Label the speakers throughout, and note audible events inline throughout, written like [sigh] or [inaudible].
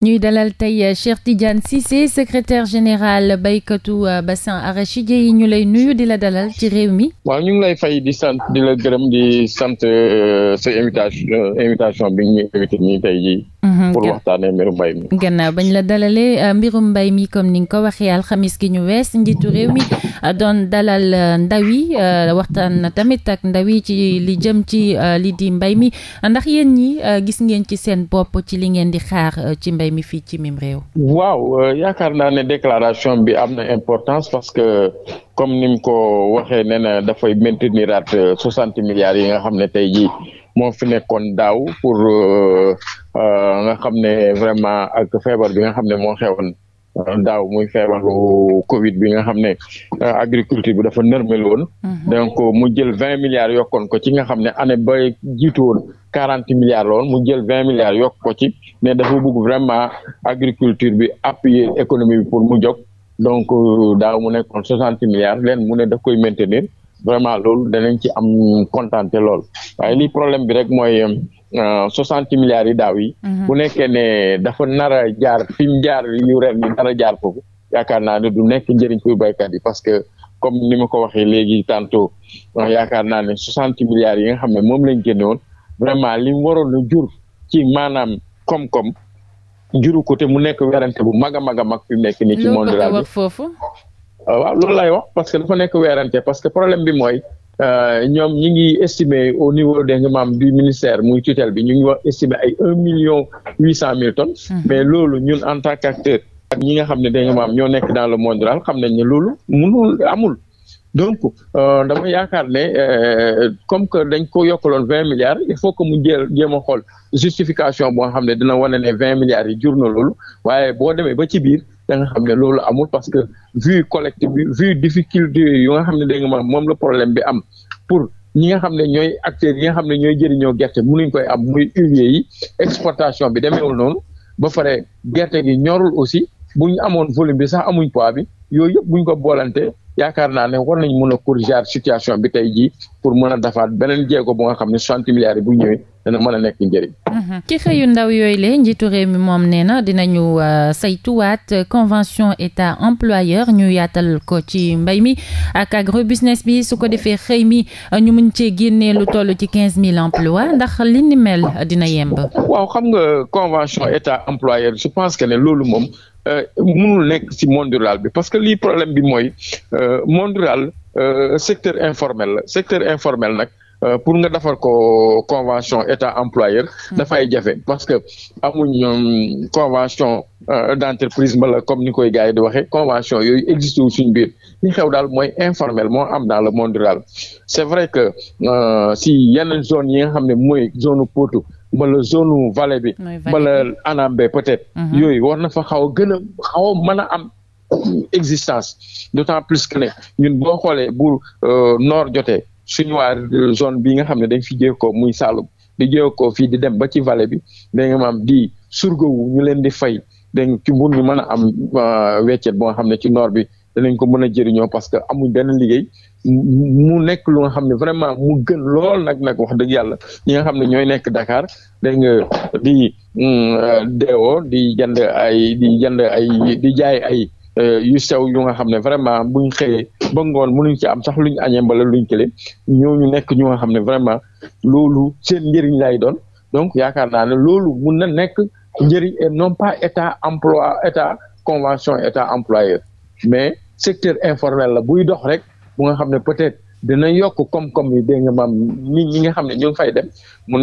Speaker 1: ñuy dalal tey euh, Cheikh Tidiane Cissé secretaire général baykatu euh, bassin arachide yi ñu lay nuyu di la dalal ci réew mi.
Speaker 2: waaw ñu ngi lay fay di sant di la gërëm di sant euh, sa invitation bi ñu invité nii tey jii. Mhm, pour waxtaanee mbirum mbay
Speaker 1: mi. la dalalee mbirum mbay mi comme ni nga ko waxee alxamis gi ñu wees njiitu réew mi doon dalal ndaw yi waxtaan tamit ak ndaw yi ci li jëm ci li di mbay mi ndax yen ñi gis ngeen ci seen bopp ci li ngeen di xaar ci mbay mbay mi fii ci mim réew.
Speaker 2: waaw euh, yaakaar naa ne déclaration bi am na importance parce que comme nim ko waxee nee na dafay maintenir at euh, soixante milliards yi nga xam ne tey jii moo fi nekkoon daaw pour euh, nga xam ne vraiment ak feebar bi nga xam ne moo xewoon. daaw muy feebaru Covid bi nga xam ne euh, agriculture bi dafa nërmel woon. Mhm. donc euh, mu jël vingt milliards yokkoon ko ci nga xam ne année ba jiitu woon quarante milliards lool woon mu jël vingt milliards yokk ko ci ne dafa bëgg vraiment agriculture bi appuyer économie bi pour mu jóg donc euh, daaw mu nekkoon soixante milliards leen mu ne daf koy maintenir vraiment loolu danañ ci am kontaan lool waaye li problème bi rek mooy. Euh, soixante milliards yi daaw yi. Mhm. bu nekkee ne dafa nar jaar fi mu jaar yi ren yi nar jaar foofu yaakaar naa ne du nekk njëriñ pour baykat yi parce que comme ni ma ko waxee léegi tantôt yaakaar naa ne soixante milliards yi nga xam ne moom lañ génne woon vraiment li mu waroon a jur ci maanaam koom-koom juru te mu nekk werante bu mag a mag a mag fi mu nekk nii. ci monde rural bi
Speaker 1: euh,
Speaker 2: waaw loolu lay wax parce que dafa nekk werante parce que problème bi mooy. Euh, ñoom ñi ngi estimer au niveau des maam du ministère muy tutelle bi ñu ngi wax estimer ay un million huit cent mille tonnes mais loolu ñun en tant qu'acteur nga xam ne dégg nga maam ñoo nekk dans le monde rural xam nañ ne loolu munul amul donc euh, dama yaakaar ne euh, comme que dañ ko yokkaloon vingt milliards il faut que mu jël jéem a xool justification boo xam ne dina wane ne vingt milliards yi jur na loolu waaye boo demee ba ci biir da nga xam ne loolu amul parce que vu collectif bi vu difficulté yu nga xam ne dégg nga moom la problème bi am pour ñi nga xam ne ñooy acteurs yi nga xam ne ñooy jëriñoo gerte mënuñ koy am muy huiliers yi exportation bi demeewul noonu ba pare gerte gi ñorul aussi bu ñu amoon volume bi sax amuñ poids bi yooyu yëpp buñ ko boolante yaakaar naa ne war nañ mën a corriger situation bi tey jii pour mën a dafaat beneen jéego bu nga xam ne soixante milliards bu ñëwee dana mën a nekk njëriñ.
Speaker 1: Mhm. ci xëyu ndaw yooyu le njiitu réew mi moom nee na dinañu euh, saytuwaat convention état employeur ñu yaatal ko ci mbay mi ak agro business bi su ko defee xëy mi euh, ñu muñ cee génnee lu toll ci quinze mille emplois ndax li ni mel dina yemb.
Speaker 2: waaw xam nga convention état employeur je pense que ne loolu moom. Euh, mënul nekk ci monde rural bi parce que lii problème bi mooy euh, monde rural euh, secteur informel secteur informel nag Euh, pour nga defar ko convention état employeur mm-hmm. dafay jafe parce que amuñ euh, convention euh, d'entreprise mbala comme ni koy gars yi di waxee convention yooyu existe wu suñ biir li xew daal mooy informel moo am dans le monde rural c'est vrai que si yeneen zone yi nga xam ne mooy zone Potou mbala zone vallée bi mbala Anambé peut-être mm-hmm. yooyu war na fa xaw a gën a xaw a mën a am existence d'autant plus que ne ñun boo xoolee bu noor jote suñu waa zone bi nga xam ne dañ fi jéego muy Saloum di jéego fii di dem ba ci vallée bi da nga maam di surgo surgawu ñu leen di fay dégg ci mbur ñu mën a am euh, weccet boo xam ne ci noor bi danañ ko mën a jëriñoo parce que amuñ benn liggéey mu nekk lu nga xam ne vraiment mu gën lool nag nag wax dëgg yàlla ñi nga xam ne ñooy nekk Dakar dégg nga di mm, deewoo di jënd ay jënd ay di jaay ay euh, yu sew yu nga xam ne vraiment buñ xëyee. ba ngoon mënuñ ci am sax luñ añee mbala luñ kële ñooñu nekk ñu nga xam ne vraiment loolu seen njëriñ lay doon donc yaakaar naa ne loolu mun na nekk njëriñ et non pas état emploi état convention état employeur mais secteur informel la buy dox rek bu nga xam ne peut-être dina yokk koom-koom yi dégg maam nit ñi nga xam ne ñu ngi fay dem mu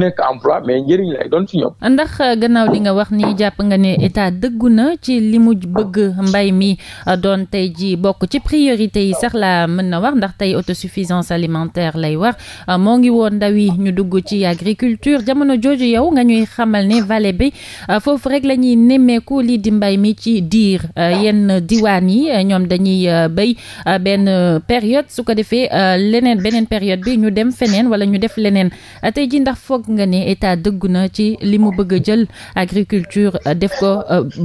Speaker 2: nekk emploi mais njëriñ lay doon ci ñoom.
Speaker 1: ndax euh, gannaaw li nga wax ni jàpp nga ne état dëggu na ci li mu bëgg mbay mi euh, doon tey ji bokk ci priorité yi sax laa mën na wax ndax tey autosuffisance alimentaire lay wax euh, moo ngi woon ndaw yi ñu dugg ci agriculture jamono jooju yow nga ñuy xamal ni vallée bi foofu rek lañuy ñuy nemmeeku lii di mbay mi ci diir yenn diwaan yi ñoom dañuy béy benn période. ko defee euh, leneen beneen période bi ñu dem feneen wala ñu def leneen euh, tey ji ndax foog nga ne état dëggu na ci li mu bëgg a jël agriculture euh, def ko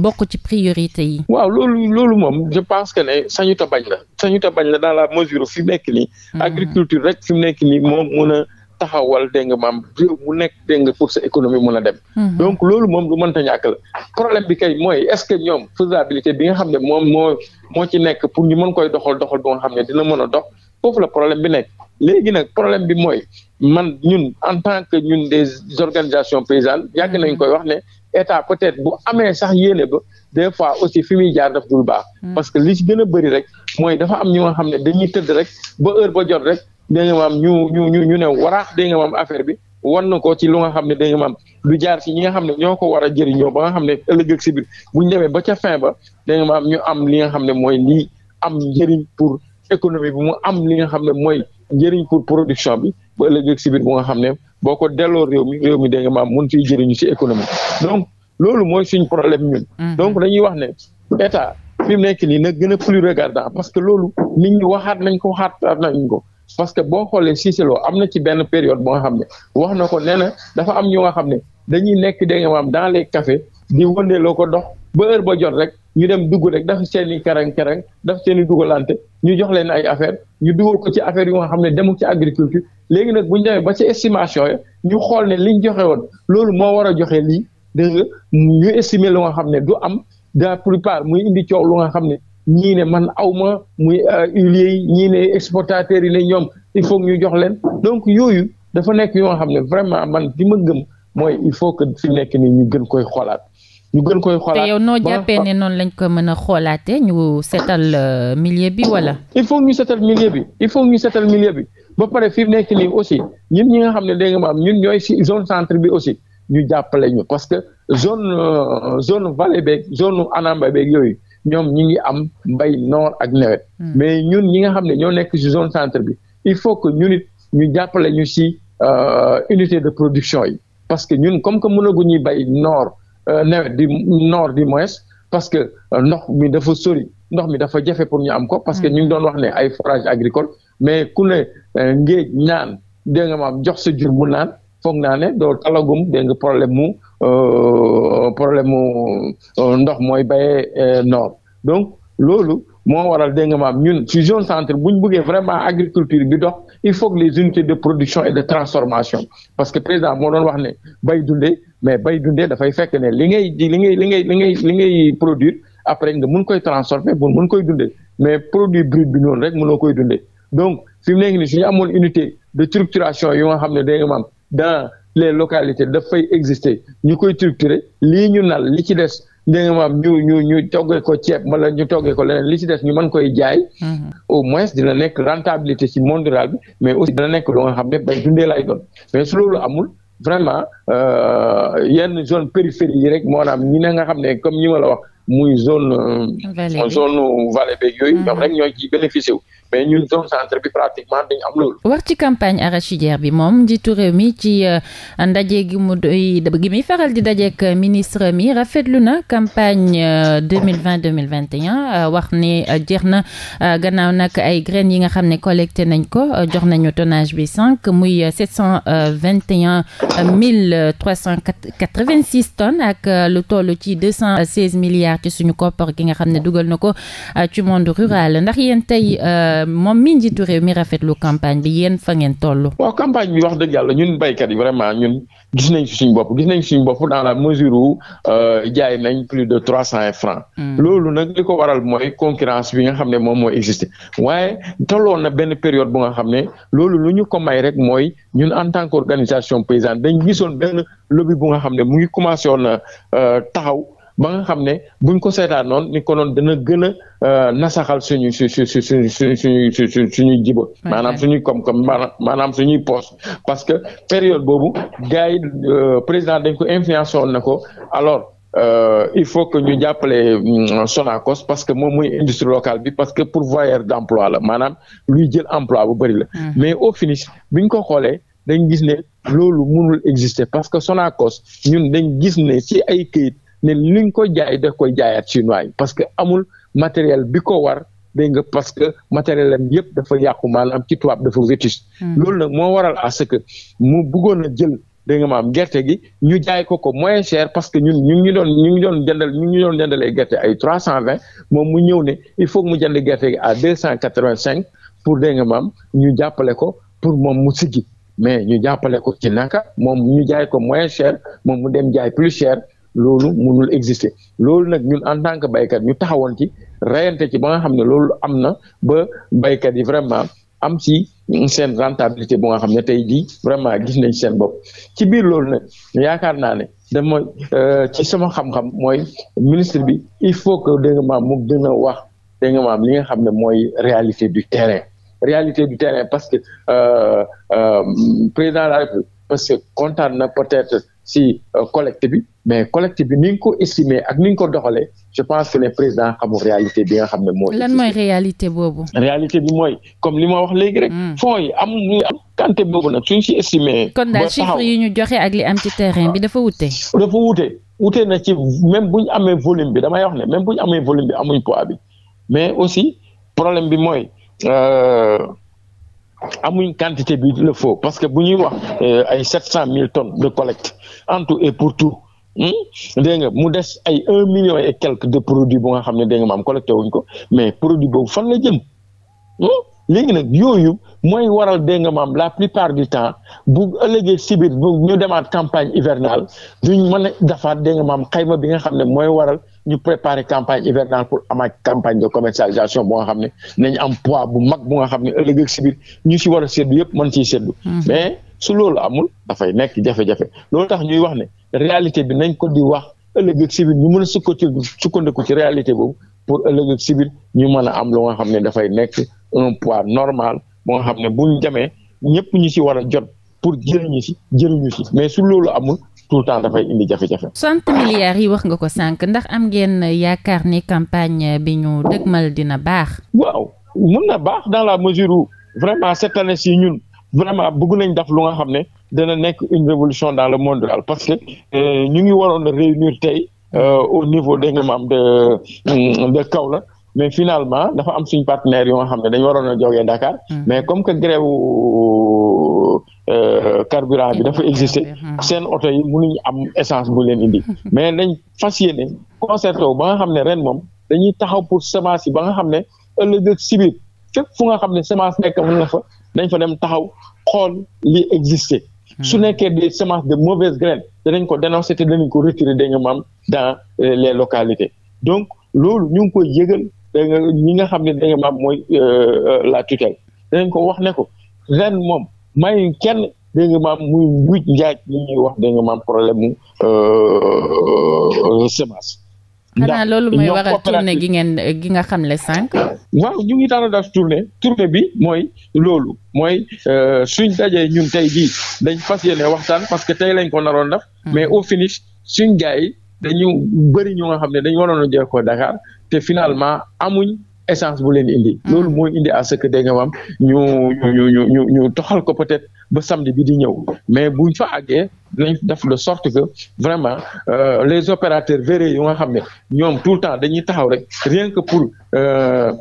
Speaker 1: bokk ci priorité yi.
Speaker 2: waaw loolu loolu moom je pense que ne sañu ta bañ la sañu ta bañ la dans la mesure fi nekk nii. Mm-hmm. agriculture rek fi mu nekk nii moom mën a taxawal dégg nga maam réew mu nekk dégg nga pour sa économie mën a dem. Mm-hmm. donc loolu moom lu mënta ñàkk la problème bi kay mooy est-ce que ñoom faisabilité bi nga xam ne moom moo moo ci nekk pour ñu mën koy doxal doxal ba xam ne dina mën a foofu la problème bi nekk léegi nag problème bi mooy man ñun en tant que ñun des organisations paysannes yàgg nañ mm-hmm. koy wax ne état peut-être bu amee sax yéene ba des fois aussi fi muy jaar daf dul baax. Mm-hmm. parce que li si gën a bëri rek mooy dafa am ñu nga xam ne dañuy tëdd rek ba heure ba jot rek da nga ñu ñu ñu ñu ne waraax da nga maam affaire bi. war na ko ci lu nga xam ne danga maam lu jaar ci ñi nga xam ne ñoo ko war a jëriñoo ba nga xam ne ëllëg ak bu ñu demee ba ca fin ba danga maam ñu am li nga xam ne mooy lii am njëriñ pour économie bi mu am li nga xam ne mooy njëriñ pour production bi ba ëllëg si biir bu nga xam ne boo ko delloo réew mi réew mi maam mun fiy jëriñu si économie donc loolu mooy suñ problème ñun mm-hmm. donc dañuy wax ne état fi mu nekk nii na gën a plus regardant parce que loolu nit ñi waxaat nañ ko waxaat nañ ko parce que boo xoolee Cissé am na ci benn période boo nga xam ne wax na ko nee na dafa am ñu nga xam ne dañuy nekk da nga maam dans les cafés di wëndeeloo ko dox ba heure jot rek ñu dem dugg rek daf seen i karang karang daf seen i dugalante ñu jox leen ay affaire ñu dugal ko ci affaire yu nga xam ne demul ci agriculture léegi nag bu ñu ba ci estimation ya ñu xool ne liñ joxe woon loolu moo war a joxe lii dégg nga ñu estimer lu nga xam ne du am de la plupart muy indi coow lu nga xam ne ñii ne man aw ma muy euh, huiliers yi ñii ne exportateurs yi ne ñoom il faut ñu jox leen donc yooyu dafa nekk yoo nga xam ne vraiment man di ma gëm mooy il faut que fi nekk nii ñu gën koy xoolaat. ñu gën koy xoolaat te yow noo jàppee
Speaker 1: ne noonu lañ ko mën a xoolaate ñu seetal euh, milieu bi wala.
Speaker 2: il faut ñu setal milieu bi il faut ñu seetal milieu bi ba pare fi mu nekk nii aussi ñun ñi nga xam ne dégg nga am ñun ñooy si zone centre bi aussi ñu jàppale ñu parce que zone euh, zone vallée beeg zone anamba beeg yooyu ñoom ñi ngi am mbay noor ak hmm. mais ñun ñi nga xam ne ñoo nekk si zone centre bi il faut que ñun it ñu jàppale ñu si euh, unité de production yi parce que ñun comme que ñuy bay noor. Euh, nawet di nord du moins parce que euh, ndox mi dafa sori ndox mi dafa jafe pour ñu am ko parce que mm. ñu ngi doon wax ne ay forage agricole mais ku ne euh, ngéej ñaan dégg nga maam jox sa jur mu naan foog naa ne doo talagum dégg problème mu problème mu ndox mooy bayee nord donc loolu moo waral dégg nga maam ñun ci zone centre bu ñu bëggee vraiment agriculture bi dox il faut que les unités de production et de transformation parce que président moo doon wax ne bay dundee mais bay dundee dafay fekk ne li ngay li ngay li ngay li ngay li ngay produire après nga mun koy transformer mun mun koy dundee mais produit brut bi noonu rek mënoo koy dundee donc fi ne nekk nii suñu amoon unité de structuration yi nga xam ne day maam dans les localités dafay exister ñu koy structurer lii ñu nal li ci des dégg nga maam ñu ñu ñu toggee ko ceeb wala ñu toggee ko leneen li ci des ñu man koy jaay. Mm-hmm. au moins dina nekk rentabilité ci monde rural bi mais aussi dina nekk loo nga xam ne bay dundee lay doon mais su loolu amul vraiment euh, yenn zone périphérie yi rek moo naam ñi ne nga xam ne comme ñi ma la wax muy zone. Euh, zone vallée beeg yooyu. ñoom mm-hmm. rek ñoo ci bénéficié wu. mais ñun zone centre bi pratiquement dañu am loolu.
Speaker 1: wax ci campagne arachidière bi moom njiitu réew mi ci euh, ndaje gi mu doy muy faral di dajeek ministre mi rafetlu na campagne euh, deux mille vingt deux mille vingt euh, wax ni jeex na gannaaw nag ay graines yi nga xam ne collecté nañ ko jox nañu tonnage bi sànq muy sept cent vingt et un mille trois cent quatre vingt six tonnes ak lu toll ci deux cent seize milliards ci suñu koppar ki nga xam ne dugal na ko ci monde rural ndax yéen tey. moom mi njiitu réew mi rafetlu campagne bi yéen fa ngeen toll.
Speaker 2: waaw campagne bi wax dëgg yàlla ñun béykat yi vraiment ñun gis nañ suñu bopp gis nañ suñu bopp dans la mesure où euh, jaay nañ plus de trois cent francs. Hmm. loolu nag li ko waral mooy concurrence bi nga xam ne moom mooy existé waaye tolloon na benn période bu nga xam ne loolu lu ñu ko may rek mooy ñun en tant qu'organisation paysanne dañ gisoon benn lobby bu nga xam ne mu ngi commencé woon na euh, taxaw. ba nga xam ne buñ ko seetaan noon ni ko noon dana gën a euh, nasaxal suñu su su su suñu suñu su suñuy jiba maanaam suñuy koom-koom maanaam suñuy poche parce que période boobu gars yi euh, président dañ ko influencé woon na ko alors Euh, il faut que ñu jàppale mm, Sonacos parce que moom mooy industrie locale bi parce que pour pourvoyeur d'emploi la maanaam luy jël emploi bu bëri la. Mm. mais au finish bi ko xoolee dañ gis ne loolu mënul exister parce que Sonacos ñun dañ gis ne ci ay këyit ne li nga koy jaay daf koy jaayaat chinois yi parce que amul matériel bi ko war dégg nga parce que matériel am yëpp dafa yàqu maanaam ci tubaab dafa vétuste. Hmm. loolu nag moo waral à ce que mu bëggoon a jël. dégg nga maam gerte gi ñu jaay ko ko moyen cher parce que ñun ñu ngi doon ñu ngi doon jëndal ñu ngi doon jëndalee gerte ay trois cent vingt moom mu ñëw ne il faut que mu jënd gerte gi à deux cent quatre vingt cinq pour dégg nga maam ñu jàppale ko pour moom mu siggi mais ñu jàppale ko ci naka moom ñu jaay ko moins cher moom mu dem jaay plus cher loolu mënul exister loolu nag ñun en tant que baykat ñu taxawoon ci reyante ci ba nga xam ne loolu am na ba baykat yi vraiment am si seen rentabilité bu nga xam ne tey jii vraiment gis nañ seen bopp ci biir loolu nag yaakaar naa ne dama euh, ci sama xam-xam mooy ministre bi il faut que dégg nga maam mu gën a wax dégg nga maam li nga xam ne mooy réalité du terrain réalité du terrain parce que euh, euh, président de parce que kontaan na peut-être si euh, collecte bi mais collecte bi ni nga ko estimé ak ni nga ko doxalee je pense que le président xamul réalité bi nga xam ne moo. lan
Speaker 1: mooy réalité boobu.
Speaker 2: réalité bi mooy comme li ma wax léegi rek. Hmm. fonds yi am am quantité boobu nag suñ si estimé. kon daal chiffres
Speaker 1: yi ñu joxe ak li am ci terrain bi dafa wute. dafa wute wute na ci même bu
Speaker 2: ñu amee volume bi damay wax ne même bu ñu amee volume bi am amuñ poids bi mais aussi problème bi mooy. Euh, amuñ quantité bi le faut parce que bu ñuy wax euh, ay sept cent mille tonnes de collecte en tout et pour tout hmm? dégg nga mu des ay un million et quelque de produits bo nga xam ne dégg nga maam collecté wuñ ko mais produit boobu fan la jëm hmm? léegi nag yooyu mooy waral dégg maam la plus plupart du temps bu ëllëgee si biir bu ñu demaat campagne hivernale duñ mën a dafaat dégg nga maam xayma bi nga xam ne mooy waral ñu préparer campagne hivernale pour ama campagne de commercialisation bu nga xam ne nañ am poids bu mag bu nga xam ne ëllëg ak ñu si war a séddu yëpp mën ciy séddu mhm. mais loolu amul dafay nekk jafe-jafe tax ñuy wax ne réalité bi nañ ko di wax ëllëg ak si biir ñu mën a sukkandiku sukkandiku ci réalité boobu pour ëllëg ak si biir a am lu xam ne dafay nekk un poids normal bu xam ne buñ demee ñëpp ñu si war a jot pour jëriñu si jëriñu si mais su loolu amul tout le temps dafay indi jafe-jafe.
Speaker 1: 60 milliards yi wax nga ko sànq ndax am ngeen yaakaar ni campagne bi ñu dëgmal dina baax. waaw mun
Speaker 2: na baax dans la mesure où vraiment cette année ci ñun vraiment bëgg nañ def lu nga xam ne dana nekk une révolution dans le monde rural parce que euh, ñu ngi waroon réunir tey euh, au niveau dégg nga maam de euh, de Kaolack mais finalement dafa am suñu partenaire yoo nga xam ne dañu waroon a jógee Dakar. Hmm. mais comme que grève Euh, carburant bi dafa exister hmm. seen oto mu mënuñu am essence bu leen indi [laughs] mais nañ fas yéene concerté wu ba nga xam ne ren moom dañuy taxaw pour semence yi ba nga xam ne ëllëg si biir fépp nga xam ne semence nekk mën na fa dañ fa dem taxaw xool li exister hmm. su nekkee des semences de mauvaise graine danañ ko dénoncer te danañ ko retirer da nga maam dans euh, les localité donc loolu ñu ngi koy yëgal nga ñi nga xam ne da nga maam mooy euh, la tutelle danañ ko wax ne ko ren moom mayuñ kenn dégg nga maam muy mbuuj njaaj li ñuy wax dégg nga problème mu euh, semence.
Speaker 1: xanaa loolu mooy waral tournée gi ngeen gi nga xam ne sànq.
Speaker 2: waaw ñu ngi daan daal tournée tournée bi mooy loolu mooy euh, suñ dajee ñun tey jii dañ fas yéene waxtaan parce que tey lañ ko naroon def. Hmm. mais au finish suñ gars yi dañu bëri ñu nga xam ne dañu waroon a jeexoo Dakar te finalement amuñ. essence bu leen indi. Mm. loolu mooy indi à ce que dégg nga maam ñu ñu ñu ñu ñu toxal ko peut-être ba samedi bi di ñëw mais buñ fa àggee dinañ def de sorte que vraiment euh, les opérateurs véreux yu nga xam ne ñoom tout le temps dañuy taxaw rek rien que pour. Euh,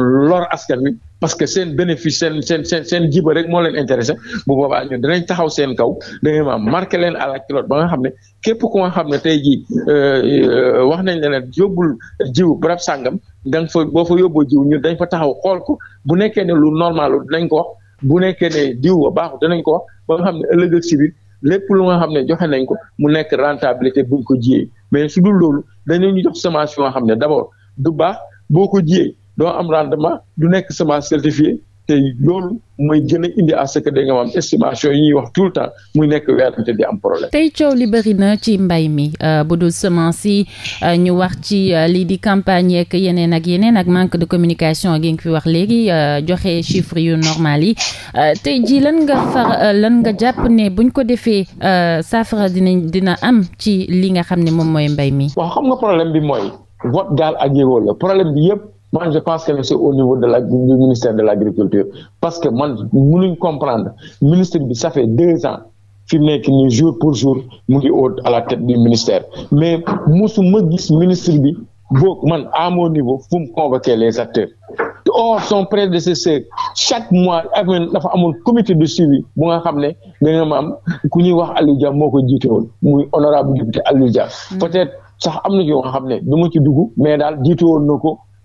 Speaker 2: lor askan wi parce que seen bénéfice seen seen seen seen jiba rek moo leen intéressé bu boobaa ñun dinañ taxaw seen kaw dangay ma marqué leen à la culotte ba nga xam ne képp ku nga xam ne tey jii euh, euh, wax nañ leen yóbbul jiw barab sàngam danga fa boo fa yóbboo jiw ñu dañ fa taxaw xool ko bu nekkee ne lu normal dañ ko wax bu nekkee ne diw ba baaxul dinañ ko wax ba xam ne ëllëg ak si biir lépp lu nga xam ne joxe nañ ko mu nekk rentabilité buñ ko jiyee mais su dul loolu dañu ñu jox semence yoo xam ne d'abord du baax boo ko jiyee doo am ma du nekk semence certifiée te loolu mooy gën a indi à ce que da nga am estimation yi ñuy wax tout le muy nekk weerante di am problème.
Speaker 1: tey coow li bëri na ci mbay mi euh, bu dul semence yi euh, ñu wax ci euh, lii di campagne yeeg yeneen ak yeneen ak manque de communication gi nga fi wax léegi joxe chiffre yu normal yi tey jii lan nga far lan nga jàpp ne buñ ko defee saafara dinañ dina am ci li nga xam ne moom mooy mbay mi. waaw
Speaker 2: xam nga problème bi mooy vote ak yëgoo problème bi yëpp. man je pense que ne c'est au niveau de la du ministère de l'agriculture parce que man mënuñ comprendre ministre bi ça fait deux ans fi mu nekk nii jour pour jour mu ngi au à la tête du ministère mais musuma gis ministre bi boog man à mon niveau fu mu convoquer les acteurs or son prédécesseur chaque mois amoon dafa amoon comité de suivi bu nga xam ne da am ku ñuy wax Aliou Dia moo ko jiite woon muy honorable député Aliou Dia mm. peut-être sax am na ci yoo nga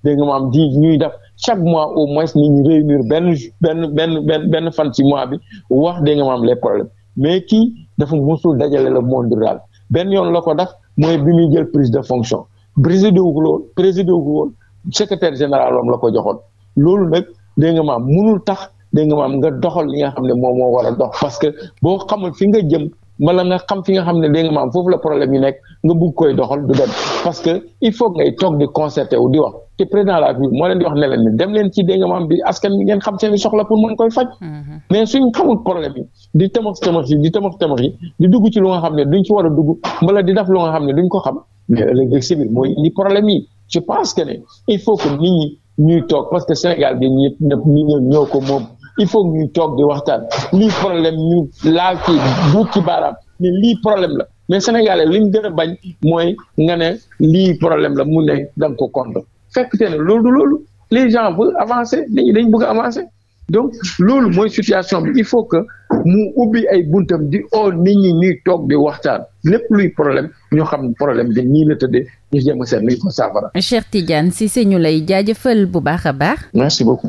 Speaker 2: dégg nga maam di ñuy def chaque mois au moins nit ñi réunir benn benn benn benn benn fan ci mois bi wax dégg nga maam les problèmes mais kii dafa musul dajale le monde rural benn yoon la ko def mooy bi muy jël prise de fonction président wu ko lool président wu ko woon secrétaire général am la ko joxoon loolu nag dégg nga maam munul tax dégg nga maam nga doxal li nga xam ne moom moo war a dox parce que boo xamul fi nga jëm wala nga xam fi nga xam ne léegi maam foofu la problème yi nekk nga bugg koy doxal du dem parce que il faut ngay toog di concerté wu di wax te président la moo leen di wax ne leen ne leen ci dégg nga maam bi askan ngeen xam seen soxla pour mën koy faj. Mm-hmm. mais suñ xamul problème yi di tamax tamax yi di tamax tamax yi di dugg ci lu nga xam ne duñ ci war a dugg mbala di def lu nga xam ne duñ ko xam mais ëllëg mooy indi problème yi je pense que ne il faut que nit ñi ñuy toog parce que Sénégal bi ñëpp ñëpp ñoo ko moom. il faut ñu toog di waxtaan lii problème ñu laal ci duut ci baaraam problème la mais sénégalais li ñu gën bañ mooy nga ne lii problème la mu ne da nga fekk ne loolu les gens veulent dañ bëgg a donc loolu mooy situation bi il faut que mu ubbi ay buntam di oo nit ñi ñuy toog di waxtaan lépp luy problème ñoo xam problème bi nii la tëddee ñu jéem a seet luy ko saafara.
Speaker 1: Cheikh si Cissé ñu lay jaajëfal bu baax a baax.
Speaker 2: merci beaucoup.